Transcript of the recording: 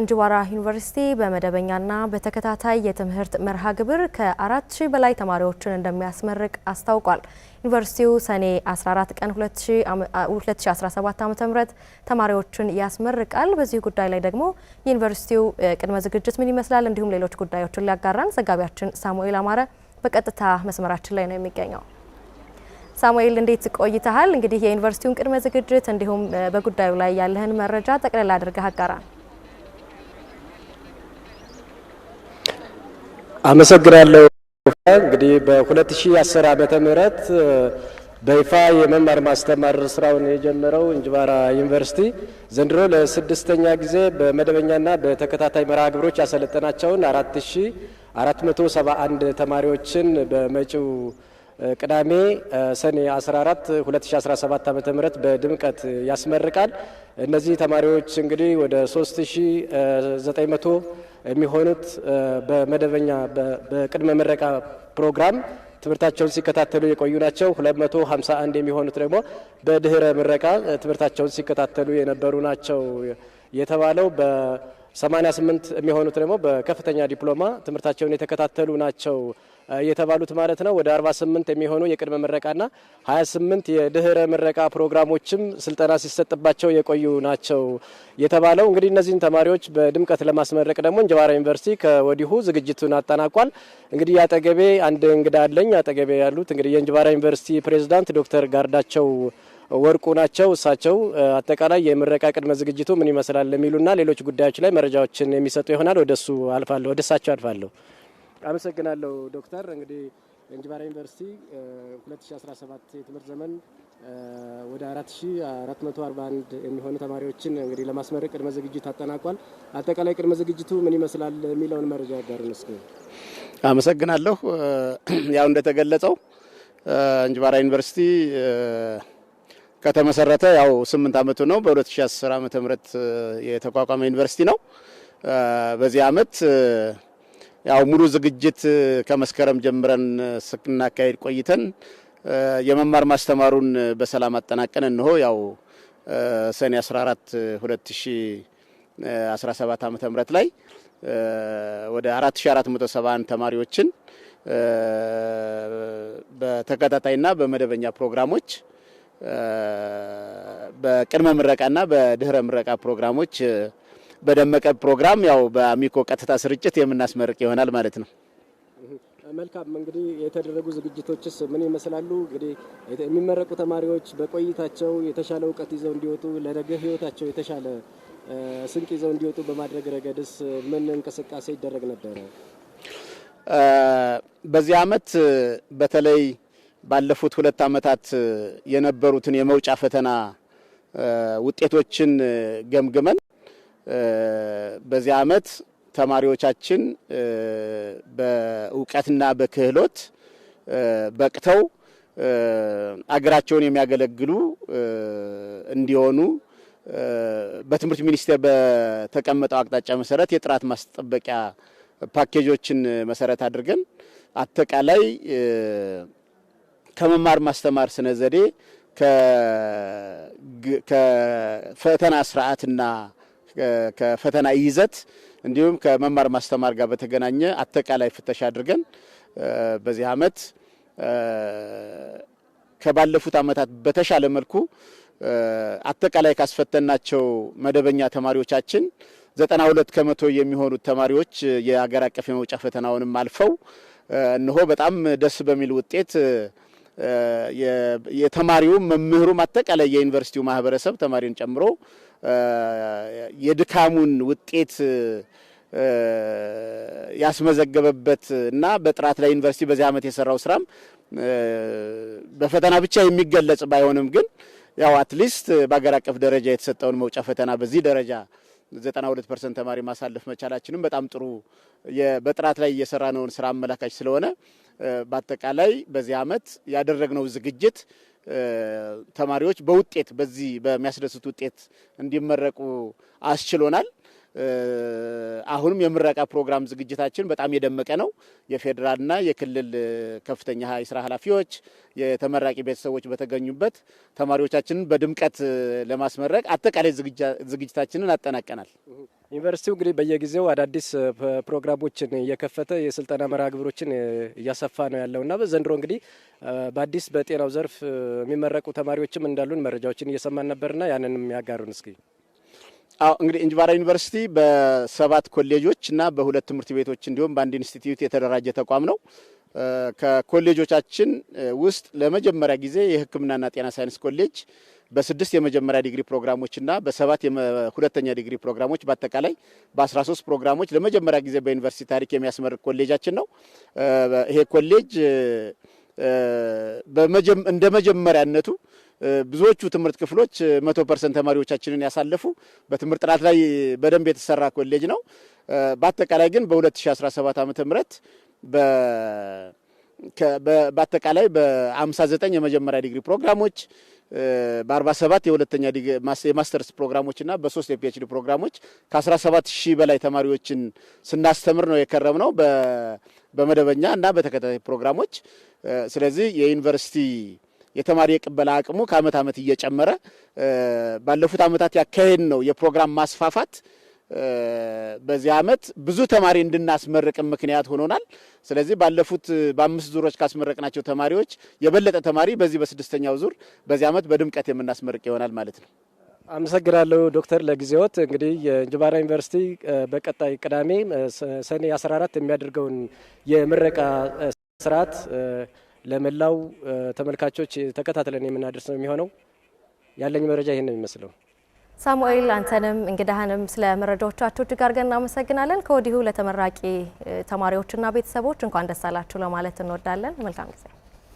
እንጅባራ ዩኒቨርሲቲ በመደበኛና በተከታታይ የትምህርት መርሃ ግብር ከአራት ሺህ በላይ ተማሪዎችን እንደሚያስመርቅ አስታውቋል። ዩኒቨርሲቲው ሰኔ 14 ቀን 2017 ም ተማሪዎችን ያስመርቃል። በዚህ ጉዳይ ላይ ደግሞ የዩኒቨርሲቲው ቅድመ ዝግጅት ምን ይመስላል፣ እንዲሁም ሌሎች ጉዳዮችን ሊያጋራን ዘጋቢያችን ሳሙኤል አማረ በቀጥታ መስመራችን ላይ ነው የሚገኘው። ሳሙኤል እንዴት ቆይተሃል? እንግዲህ የዩኒቨርሲቲውን ቅድመ ዝግጅት እንዲሁም በጉዳዩ ላይ ያለህን መረጃ ጠቅላላ አድርገህ አጋራን። አመሰግናለሁ። እንግዲህ በ2010 ዓመተ ምህረት በይፋ የመማር ማስተማር ስራውን የጀመረው እንጅባራ ዩኒቨርሲቲ ዘንድሮ ለስድስተኛ ጊዜ በመደበኛና በተከታታይ መርሃ ግብሮች ያሰለጠናቸውን 4471 ተማሪዎችን በመጪው ቅዳሜ ሰኔ 14 2017 ዓ ም በድምቀት ያስመርቃል። እነዚህ ተማሪዎች እንግዲህ ወደ 3900 የሚሆኑት በመደበኛ በቅድመ ምረቃ ፕሮግራም ትምህርታቸውን ሲከታተሉ የቆዩ ናቸው። 251 የሚሆኑት ደግሞ በድህረ ምረቃ ትምህርታቸውን ሲከታተሉ የነበሩ ናቸው የተባለው በ88 የሚሆኑት ደግሞ በከፍተኛ ዲፕሎማ ትምህርታቸውን የተከታተሉ ናቸው የተባሉት ማለት ነው። ወደ 48 የሚሆኑ የቅድመ ምረቃና 28 የድህረ ምረቃ ፕሮግራሞችም ስልጠና ሲሰጥባቸው የቆዩ ናቸው የተባለው። እንግዲህ እነዚህን ተማሪዎች በድምቀት ለማስመረቅ ደግሞ እንጅባራ ዩኒቨርሲቲ ከወዲሁ ዝግጅቱን አጠናቋል። እንግዲህ አጠገቤ አንድ እንግዳ አለኝ። አጠገቤ ያሉት እንግዲህ የእንጅባራ ዩኒቨርሲቲ ፕሬዚዳንት ዶክተር ጋርዳቸው ወርቁ ናቸው። እሳቸው አጠቃላይ የምረቃ ቅድመ ዝግጅቱ ምን ይመስላል የሚሉና ሌሎች ጉዳዮች ላይ መረጃዎችን የሚሰጡ ይሆናል። ወደሱ አልፋለሁ፣ ወደ እሳቸው አልፋለሁ። አመሰግናለሁ ዶክተር። እንግዲህ እንጅባራ ዩኒቨርሲቲ 2017 የትምህርት ዘመን ወደ 4441 የሚሆኑ ተማሪዎችን እንግዲህ ለማስመረቅ ቅድመ ዝግጅት አጠናቋል። አጠቃላይ ቅድመ ዝግጅቱ ምን ይመስላል የሚለውን መረጃ ያጋሩን እስኪ። አመሰግናለሁ። ያው እንደተገለጸው እንጅባራ ዩኒቨርሲቲ ከተመሰረተ ያው ስምንት አመቱ ነው። በ2010 ም የተቋቋመ ዩኒቨርሲቲ ነው። በዚህ አመት ያው ሙሉ ዝግጅት ከመስከረም ጀምረን ስናካሄድ ቆይተን የመማር ማስተማሩን በሰላም አጠናቀን እንሆ ያው ሰኔ 14 2017 ዓ.ም ላይ ወደ 4471 ተማሪዎችን በተከታታይና በመደበኛ ፕሮግራሞች በቅድመ ምረቃና በድህረ ምረቃ ፕሮግራሞች በደመቀ ፕሮግራም ያው በአሚኮ ቀጥታ ስርጭት የምናስመርቅ ይሆናል ማለት ነው። መልካም እንግዲህ የተደረጉ ዝግጅቶችስ ምን ይመስላሉ? እንግዲህ የሚመረቁ ተማሪዎች በቆይታቸው የተሻለ እውቀት ይዘው እንዲወጡ ለነገ ህይወታቸው የተሻለ ስንቅ ይዘው እንዲወጡ በማድረግ ረገድስ ምን እንቅስቃሴ ይደረግ ነበረ? በዚህ አመት በተለይ ባለፉት ሁለት አመታት የነበሩትን የመውጫ ፈተና ውጤቶችን ገምግመን በዚህ ዓመት ተማሪዎቻችን በእውቀትና በክህሎት በቅተው አገራቸውን የሚያገለግሉ እንዲሆኑ በትምህርት ሚኒስቴር በተቀመጠው አቅጣጫ መሰረት የጥራት ማስጠበቂያ ፓኬጆችን መሰረት አድርገን አጠቃላይ ከመማር ማስተማር ስነ ዘዴ ከፈተና ስርዓትና ከፈተና ይዘት እንዲሁም ከመማር ማስተማር ጋር በተገናኘ አጠቃላይ ፍተሻ አድርገን በዚህ አመት ከባለፉት አመታት በተሻለ መልኩ አጠቃላይ ካስፈተናቸው መደበኛ ተማሪዎቻችን ዘጠና ሁለት ከመቶ የሚሆኑት ተማሪዎች የሀገር አቀፍ የመውጫ ፈተናውንም አልፈው እነሆ በጣም ደስ በሚል ውጤት የተማሪውም መምህሩም አጠቃላይ የዩኒቨርሲቲው ማህበረሰብ ተማሪን ጨምሮ የድካሙን ውጤት ያስመዘገበበት እና በጥራት ላይ ዩኒቨርሲቲ በዚህ ዓመት የሰራው ስራም በፈተና ብቻ የሚገለጽ ባይሆንም ግን ያው አትሊስት በሀገር አቀፍ ደረጃ የተሰጠውን መውጫ ፈተና በዚህ ደረጃ 92 ፐርሰንት ተማሪ ማሳለፍ መቻላችንም በጣም ጥሩ በጥራት ላይ እየሰራ ነውን ስራ አመላካች ስለሆነ በአጠቃላይ በዚህ ዓመት ያደረግነው ዝግጅት ተማሪዎች በውጤት በዚህ በሚያስደስት ውጤት እንዲመረቁ አስችሎናል። አሁንም የምረቃ ፕሮግራም ዝግጅታችን በጣም የደመቀ ነው። የፌዴራልና የክልል ከፍተኛ የስራ ኃላፊዎች፣ የተመራቂ ቤተሰቦች በተገኙበት ተማሪዎቻችንን በድምቀት ለማስመረቅ አጠቃላይ ዝግጅታችንን አጠናቀናል። ዩኒቨርሲቲው እንግዲህ በየጊዜው አዳዲስ ፕሮግራሞችን እየከፈተ የስልጠና መርሃ ግብሮችን እያሰፋ ነው ያለው እና በዘንድሮ እንግዲህ በአዲስ በጤናው ዘርፍ የሚመረቁ ተማሪዎችም እንዳሉን መረጃዎችን እየሰማን ነበርና ያንንም ያጋሩን እስኪ። አዎ እንግዲህ እንጅባራ ዩኒቨርሲቲ በሰባት ኮሌጆች እና በሁለት ትምህርት ቤቶች እንዲሁም በአንድ ኢንስቲትዩት የተደራጀ ተቋም ነው። ከኮሌጆቻችን ውስጥ ለመጀመሪያ ጊዜ የሕክምናና ጤና ሳይንስ ኮሌጅ በስድስት የመጀመሪያ ዲግሪ ፕሮግራሞችና በሰባት ሁለተኛ ዲግሪ ፕሮግራሞች በአጠቃላይ በ13 ፕሮግራሞች ለመጀመሪያ ጊዜ በዩኒቨርሲቲ ታሪክ የሚያስመርቅ ኮሌጃችን ነው። ይሄ ኮሌጅ እንደ መጀመሪያነቱ ብዙዎቹ ትምህርት ክፍሎች መቶ ፐርሰንት ተማሪዎቻችንን ያሳለፉ በትምህርት ጥራት ላይ በደንብ የተሰራ ኮሌጅ ነው። በአጠቃላይ ግን በ2017 ዓ ም በአጠቃላይ በ59 የመጀመሪያ ዲግሪ ፕሮግራሞች በ47 የሁለተኛ የማስተርስ ፕሮግራሞችና በሶስት የፒኤችዲ ፕሮግራሞች ከ17 ሺህ በላይ ተማሪዎችን ስናስተምር ነው የከረም ነው በመደበኛ እና በተከታታይ ፕሮግራሞች። ስለዚህ የዩኒቨርሲቲ የተማሪ የቅበላ አቅሙ ከአመት ዓመት እየጨመረ ባለፉት አመታት ያካሄድ ነው የፕሮግራም ማስፋፋት በዚህ ዓመት ብዙ ተማሪ እንድናስመርቅ ምክንያት ሆኖናል። ስለዚህ ባለፉት በአምስት ዙሮች ካስመረቅናቸው ተማሪዎች የበለጠ ተማሪ በዚህ በስድስተኛው ዙር በዚህ ዓመት በድምቀት የምናስመርቅ ይሆናል ማለት ነው። አመሰግናለሁ ዶክተር ለጊዜዎት። እንግዲህ የእንጅባራ ዩኒቨርሲቲ በቀጣይ ቅዳሜ ሰኔ 14 የሚያደርገውን የምረቃ ስርዓት ለመላው ተመልካቾች ተከታትለን የምናደርስ ነው የሚሆነው። ያለኝ መረጃ ይህን ነው የሚመስለው። ሳሙኤል አንተንም እንግዳህንም ስለ መረጃዎቻችሁ እጅግ አድርገን እናመሰግናለን። ከወዲሁ ለተመራቂ ተማሪዎችና ቤተሰቦች እንኳን ደስ አላችሁ ለማለት እንወዳለን። መልካም ጊዜ